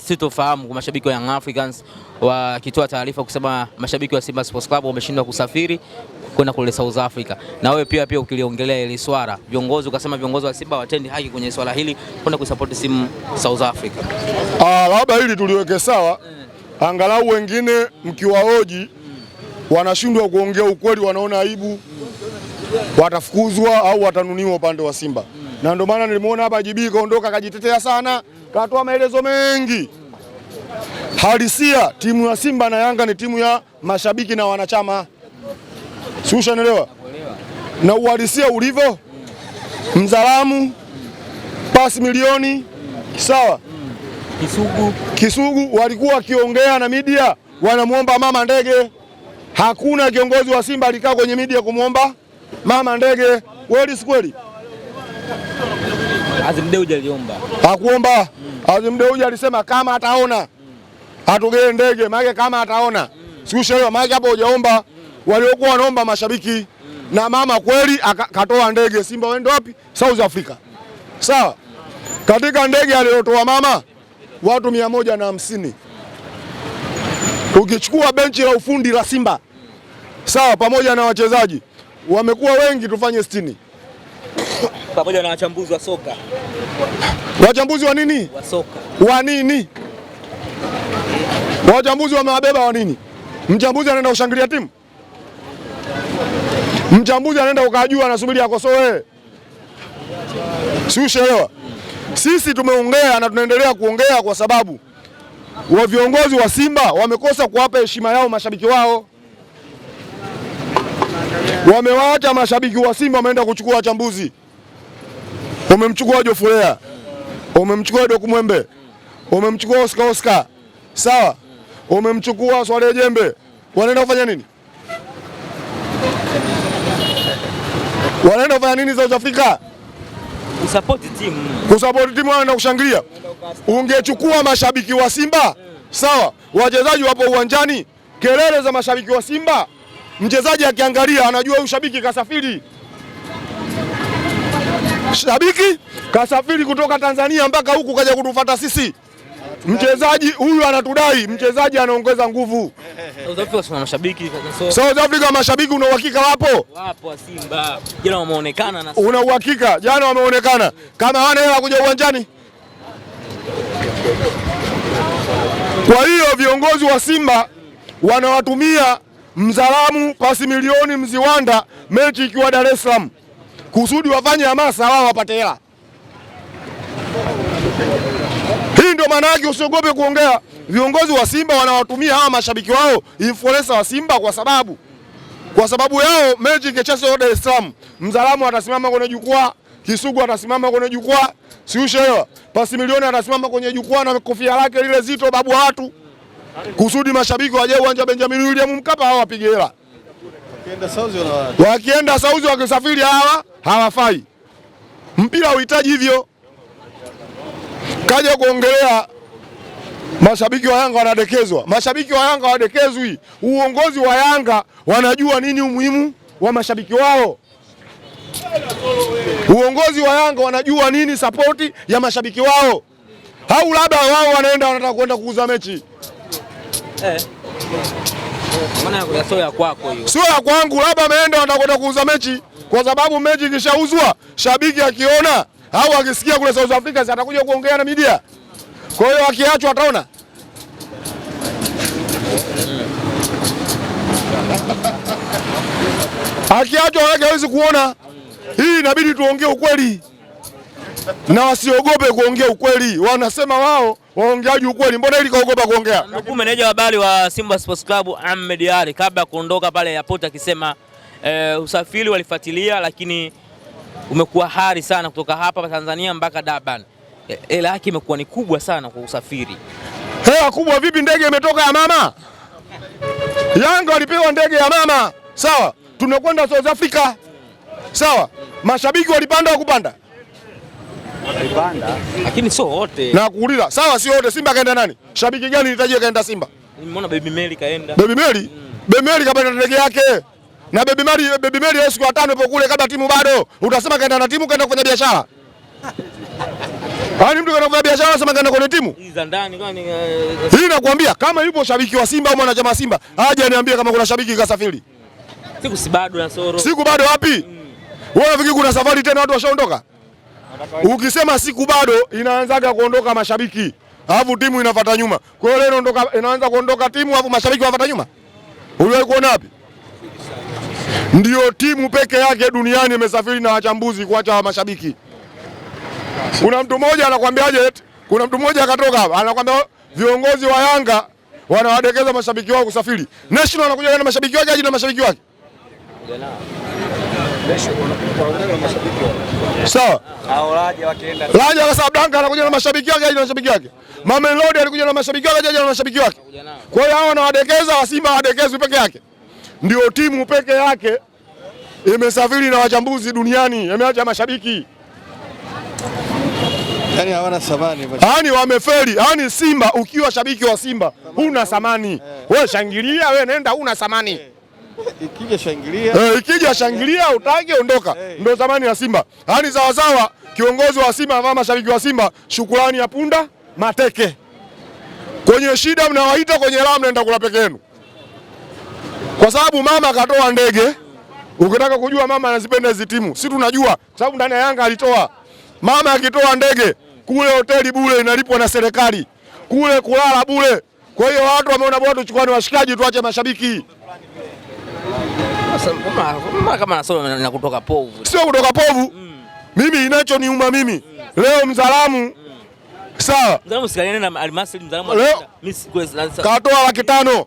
sitofahamu kwa mashabiki wa Young Africans wakitoa taarifa kusema mashabiki wa Simba Sports Club wameshindwa kusafiri kwenda kule South Africa. Na wewe pia pia ukiliongelea ile swala viongozi, ukasema viongozi wa Simba watendi haki kwenye swala hili kwenda kusupport simu South Africa. Ah, labda hili tuliweke sawa hmm. angalau wengine mkiwaoji hmm. wanashindwa kuongea ukweli, wanaona aibu, hmm. watafukuzwa au watanuniwa upande wa Simba na ndio maana nilimuona hapa JB kaondoka akajitetea sana, katoa maelezo mengi. Halisia timu ya Simba na Yanga ni timu ya mashabiki na wanachama, si ushanielewa? Na uhalisia ulivyo, Mzalamu pasi milioni sawa, Kisugu, Kisugu walikuwa wakiongea na media wanamwomba mama ndege. Hakuna kiongozi wa Simba alikaa kwenye media kumwomba mama ndege, kweli si kweli? Azim Dewji aliomba. Hakuomba. Mm. Azim alisema kama ataona mm. atugee ndege, maana kama ataona mm. hiyo maana hapo hujaomba mm. waliokuwa wanaomba mashabiki mm. na mama kweli akatoa ndege, Simba waende wapi? South Africa. Sawa. Katika ndege aliyotoa mama watu mia moja na hamsini ukichukua benchi la ufundi la Simba sawa, pamoja na wachezaji wamekuwa wengi, tufanye sitini pamoja na wachambuzi wa soka. Wachambuzi wa nini? Wa soka. Wa nini? Wachambuzi wamewabeba wa nini? Mchambuzi anaenda kushangilia timu, mchambuzi anaenda ukajua, anasubiri akosoe, si ushelewa? Sisi tumeongea na tunaendelea kuongea kwa sababu wa viongozi wa Simba wamekosa kuwapa heshima yao mashabiki wao, wamewaacha mashabiki wa Simba wameenda kuchukua wachambuzi. Umemchukua Jo Lea, umemchukua Doku Mwembe, umemchukua Oscar Oscar, sawa, umemchukua Swale Jembe, wanaenda kufanya nini? Wanaenda kufanya nini South Africa? timu, kusapoti timu, wanaenda kushangilia. Ungechukua mashabiki wa Simba, sawa, wachezaji wapo uwanjani, kelele za mashabiki wa Simba, mchezaji akiangalia anajua huyu shabiki kasafiri shabiki kasafiri kutoka Tanzania mpaka huku kaja kutufuata sisi. Mchezaji huyu anatudai, mchezaji anaongeza nguvu. South Africa Kuna mashabiki, South Africa mashabiki una uhakika wapo? Wapo Simba. Jana wameonekana na una uhakika? Jana wameonekana. Kama hawana hela kuja uwanjani. Kwa hiyo viongozi wa Simba wanawatumia Mzalamu pasi milioni Mziwanda mechi ikiwa Dar es Salaam kusudi wafanye hamasa wao wapate hela. Hii ndio maana yake, usiogope kuongea. Viongozi wa Simba wanawatumia hawa mashabiki wao influencer wa Simba kwa sababu kwa sababu yao mechi ingechezwa Dar es Salaam, Mzalamu atasimama kwenye jukwaa, Kisugu atasimama kwenye jukwaa, siushaelewa, pasi milioni atasimama kwenye jukwaa na kofia lake lile zito, babu watu kusudi mashabiki waje uwanja Benjamin William Mkapa, hao wapige hela. Wakienda Saudi, wakisafiri hawa hawafai. Mpira uhitaji hivyo. Kaja kuongelea mashabiki wa Yanga wanadekezwa. Mashabiki wa Yanga wadekezwi. Uongozi wa Yanga wanajua nini umuhimu wa mashabiki wao. Uongozi wa Yanga wanajua nini sapoti ya mashabiki wao, au labda wao wanaenda wanataka kwenda kuuza mechi eh. Sio ya kwako hiyo, sio ya kwangu, labda ameenda wanataka kwenda kuuza mechi kwa sababu mechi ikishauzwa, shabiki akiona au akisikia kule South Africa, si atakuja kuongea na media. Kwa hiyo akiachwa ataona akiachwa wake hawezi kuona. Hii inabidi tuongee ukweli na wasiogope kuongea ukweli. Wanasema wao waongeaji ukweli, mbona ili kaogopa kuongea? meneja wa habari wa Simba Sports Club Ahmed Ally kabla ya kuondoka pale yapota akisema e, usafiri walifuatilia, lakini umekuwa hari sana kutoka hapa Tanzania mpaka Durban. Eh, hela yake imekuwa ni kubwa sana kwa usafiri. Hela kubwa vipi? Ndege imetoka ya mama Yanga walipewa ndege ya mama sawa, tunakwenda South Africa sawa. Mashabiki walipanda wa kupanda lakini sio wote na kuuliza sawa, sio wote. Simba kaenda nani? Shabiki gani litajia kaenda Simba? Nimeona Baby Mary kaenda. Baby Mary, mm. Baby Mary kapanda ndege yake na bebi Mary, bebi Mary leo siku ya tano ipo kule, kabla timu bado utasema kaenda na timu, kaenda kufanya biashara. Kwani mtu kaenda kufanya biashara unasema kaenda kwenye timu eh, eh, hii? Nakwambia kama yupo shabiki wa Simba au mwanachama wa Simba aje aniambie kama kuna shabiki kasafiri. Siku si bado na soro. Siku bado wapi? Mm. Wewe unafikiri kuna safari tena watu washaondoka? Ukisema siku bado inaanzaga kuondoka mashabiki alafu timu inafuata nyuma. Kwa hiyo leo inaondoka inaanza kuondoka timu alafu mashabiki wanafuata nyuma. Uliwahi kuona wapi? ndio timu peke yake duniani imesafiri na wachambuzi kuacha mashabiki. Kuna mtu mmoja anakuambiaje? Kuna mtu mmoja akatoka hapa anakuambia viongozi wa Yanga wanawadekeza mashabiki wao kusafiri. National anakuja na mashabiki wake aje na mashabiki wake Raja wa anakuja na mashabiki wake aje na mashabiki wake. Mamelodi alikuja na mashabiki wake aje na mashabiki wake. Kwa hiyo hao wanawadekeza, wa Simba, hawadekezwi peke yake ndio timu peke yake imesafiri na wachambuzi duniani, imeacha mashabiki yani hawana samani, yani wamefeli. Yani Simba, ukiwa shabiki wa Simba huna thamani hey. Eh. We shangilia, we nenda, huna samani eh, Ikija shangilia, hey, eh, ikija shangilia utage ondoka hey. Ndio thamani ya Simba. Yaani sawasawa kiongozi wa Simba ama mashabiki wa Simba shukurani ya punda mateke, kwenye shida mnawaita, kwenye raha mnaenda kula peke yenu kwa sababu mama akatoa ndege. Ukitaka kujua mama anazipenda hizi timu, si tunajua sababu ndani ya Yanga alitoa mama. Akitoa ndege kule, hoteli bure inalipwa na serikali, kule kulala bure. Kwa hiyo watu wameona bora tuchukue washikaji, tuache mashabiki. Sio kutoka povu, sio kutoka povu. Mm. Mimi inachoniuma mimi leo Mzalamu mm. sawa, katoa laki tano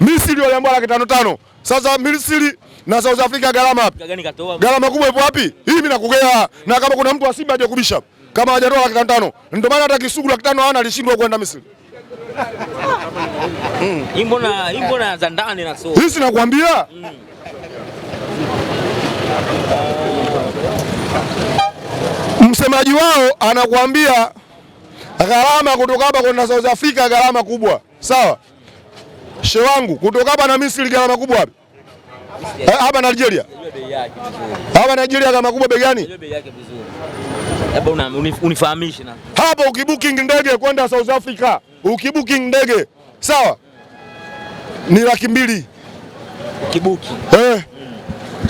Misri waliambiwa laki tano tano. Sasa Misri na South Africa gharama wapi? Gharama kubwa ipo wapi? Hii mimi nakugea. Na kama kuna mtu wa Simba kubisha kama hajatoa laki tano. Ndio maana hata Kisugu laki tano hana alishindwa kwenda Misri. Imbona imbona za ndani na Hisi nakwambia msemaji wao anakuambia gharama kutoka hapa kwenda South Africa gharama kubwa, sawa. She wangu kutoka hapa na Misri gharama kubwa wapi? Hapa Nigeria. Eh, hapa Nigeria gharama kubwa bei gani? Hapo ukibooking ndege kwenda South Africa, ukibooking ndege sawa ni laki mbili ukibuki. Eh.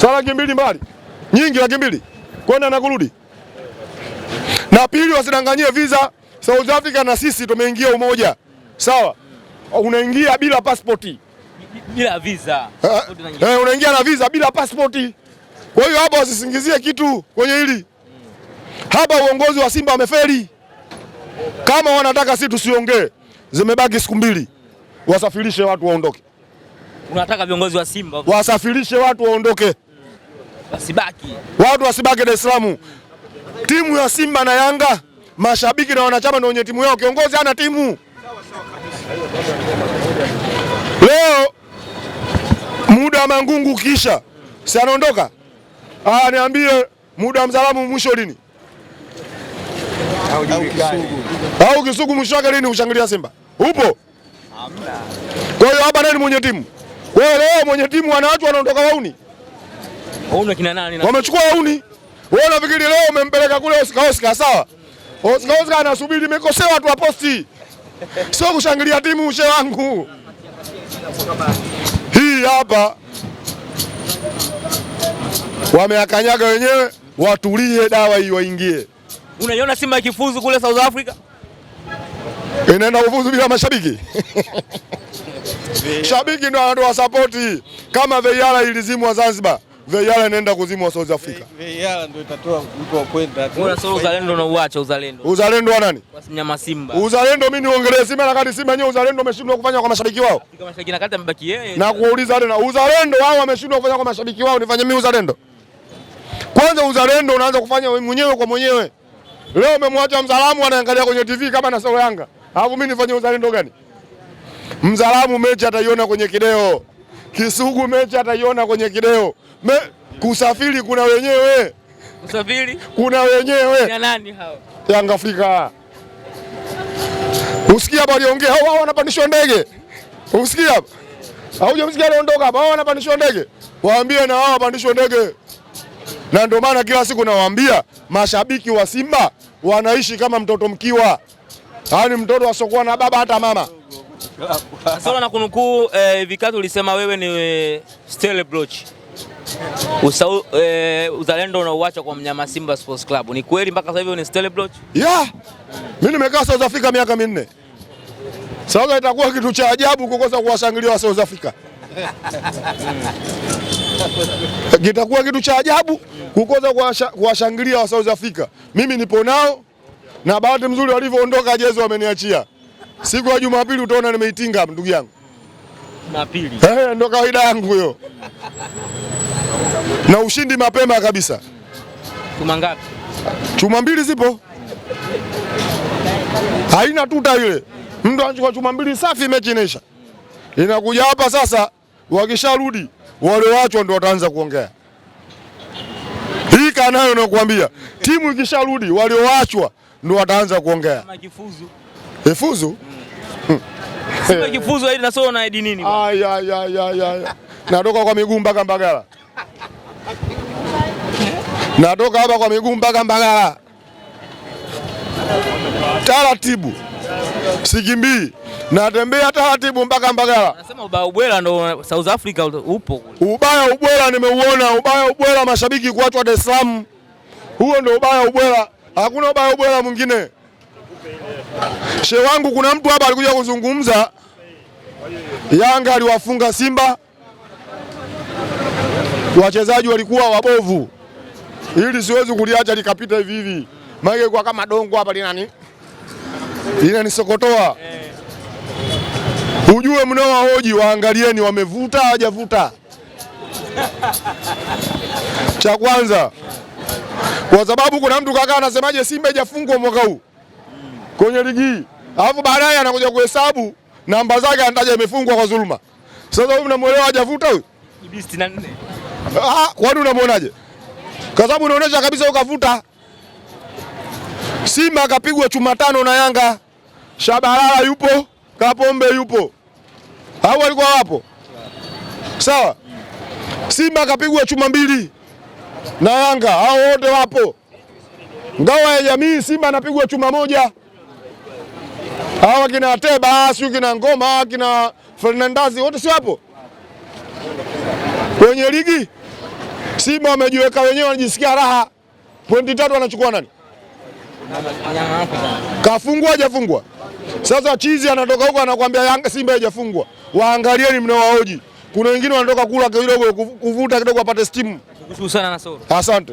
Sawa, laki mbili mbali nyingi, laki mbili kwenda na kurudi. Na pili, wasidanganyie visa. South Africa na sisi tumeingia umoja, sawa Oh, unaingia bila pasipoti bila visa eh, eh, unaingia na visa bila pasipoti. Kwa hiyo hapa wasisingizie kitu kwenye hili hapa. Uongozi wa Simba wamefeli. Kama wanataka si tusiongee, zimebaki siku mbili, wasafirishe watu waondoke. Unataka viongozi wa Simba wasafirishe watu waondoke, wasibaki watu wasibaki Dar es Salaam. Timu ya Simba na Yanga, mashabiki na wanachama ndio wenye timu yao, kiongozi hana timu. Leo muda wa Mangungu kisha si anaondoka, ah, niambie muda wa Mzalamu mwisho lini? Au Kisugu mwisho wake lini? Ushangilia Simba upo. Kwa hiyo hapa nani mwenye timu? Kwa hiyo leo mwenye timu ana watu wanaondoka wauni, wamechukua wauni. Wewe unafikiri leo umempeleka kule Oscar Oscar, sawa? Oscar Oscar anasubiri mikosewa tu aposti sio kushangilia timu, ushe wangu hii hapa wameakanyaga wenyewe, watulie, dawa hii waingie. Unaiona Simba ikifuzu kule South Africa, inaenda kufuzu bila mashabiki shabiki ndo anatoa sapoti kama veiara ilizimwa Zanzibar. Vijana inaenda kuzimu wa South Africa. Vijana ndio itatoa mtu wa kwenda. Bora sio uzalendo na uache uzalendo. Uzalendo wa nani? Basi mnyama Simba. Uzalendo mimi niongelee Simba na kadi Simba yenyewe uzalendo wameshindwa kufanya kwa mashabiki wao. Kwa mashabiki na kadi amebaki yeye. Na kuuliza tena uzalendo wao wameshindwa kufanya kwa mashabiki wao nifanye mimi uzalendo? Kwanza uzalendo unaanza kufanya wewe mwenyewe kwa mwenyewe. Leo umemwacha mzalamu anaangalia kwenye TV kama na sio Yanga. Alafu mimi nifanye uzalendo gani? Mzalamu mechi ataiona kwenye kideo. Kisugu mechi ataiona kwenye kideo. Me, kusafiri kuna wenyewe kusafiri kuna wenyewe. Ya nani hao? Yanga Afrika. Usikia bali ongea hao wanapandishwa ndege. Usikia hapa? Haujamsikia anaondoka hapa, hao wanapandishwa ndege. Waambie na wao wapandishwe ndege. Na ndio maana kila siku nawaambia mashabiki wa Simba wanaishi kama mtoto mkiwa. Yaani mtoto asokuwa na baba hata mama. Sasa na kunukuu hivi eh, kati ulisema wewe ni eh, Stellenbosch eh, uzalendo unauacha kwa mnyama Simba Sports Club. Ni kweli mpaka sasa hivi ni Stellenbosch? Yeah. Mimi nimekaa South Africa miaka minne. Sasa itakuwa kitu cha ajabu kukosa kuwashangilia wa South Africa. Kitakuwa kitu cha ajabu kukosa kuwashangilia wa South Africa. Mimi nipo nao na bahati mzuri walivyoondoka jezo wameniachia siku ya Jumapili utaona nimeitinga ndugu yangu Jumapili. Eh, ndo kawaida yangu hiyo na ushindi mapema kabisa. Chuma ngapi? Chuma mbili zipo, haina tuta ile. Mtu anachukua chuma mbili safi, mechi inaisha. Inakuja hapa sasa, wakisharudi walioachwa ndio wataanza kuongea hii kanayo, nakuambia timu ikisharudi walioachwa ndio wataanza kuongea ifuzu Simba ikifuzu hili na sio na aidi nini? Natoka kwa miguu mpaka Mbagala. Natoka hapa kwa miguu mpaka Mbagala. Taratibu. Sikimbii. Natembea taratibu mpaka Mbagala. Anasema ubaya ubwela ndo South Africa upo Ubaya ubwela nimeuona, ubaya ubwela mashabiki kuachwa Dar es Salaam. Huo ndo ubaya ubwela. Hakuna ubaya ubwela mwingine she wangu, kuna mtu hapa alikuja kuzungumza Yanga aliwafunga Simba, wachezaji walikuwa wabovu. Hili siwezi kuliacha likapita hivi hivi, maana kwa kama dongo hapa linani linanisokotoa. Ujue mnaowahoji waangalieni, wamevuta hawajavuta. Cha kwanza, kwa sababu kuna mtu kaka anasemaje, Simba hajafungwa mwaka huu kwenye ligi hii, alafu baadaye anakuja kuhesabu namba zake, anataja imefungwa kwa dhuluma. Sasa huyu mnamuelewa, hajavuta huyu Ah, kwani unamuonaje? Kwa sababu unaonesha kabisa ukavuta. Simba akapigwa chuma tano na Yanga, Shabalala yupo, Kapombe yupo, au walikuwa wapo? Sawa, Simba akapigwa chuma mbili na Yanga, hao wote wapo. Ngao ya Jamii, Simba anapigwa chuma moja hawa kina Teba siu kina Ngoma kina Fernandazi wote si wapo kwenye ligi. Simba wamejiweka wenyewe, wanajisikia raha. Pointi tatu anachukua nani? Kafungwa hajafungwa? Sasa chizi anatoka huko anakuambia Yanga Simba haijafungwa. Waangalieni mnawaoji, kuna wengine wanatoka kula kidogo kuvuta kidogo wapate stimu. Asante.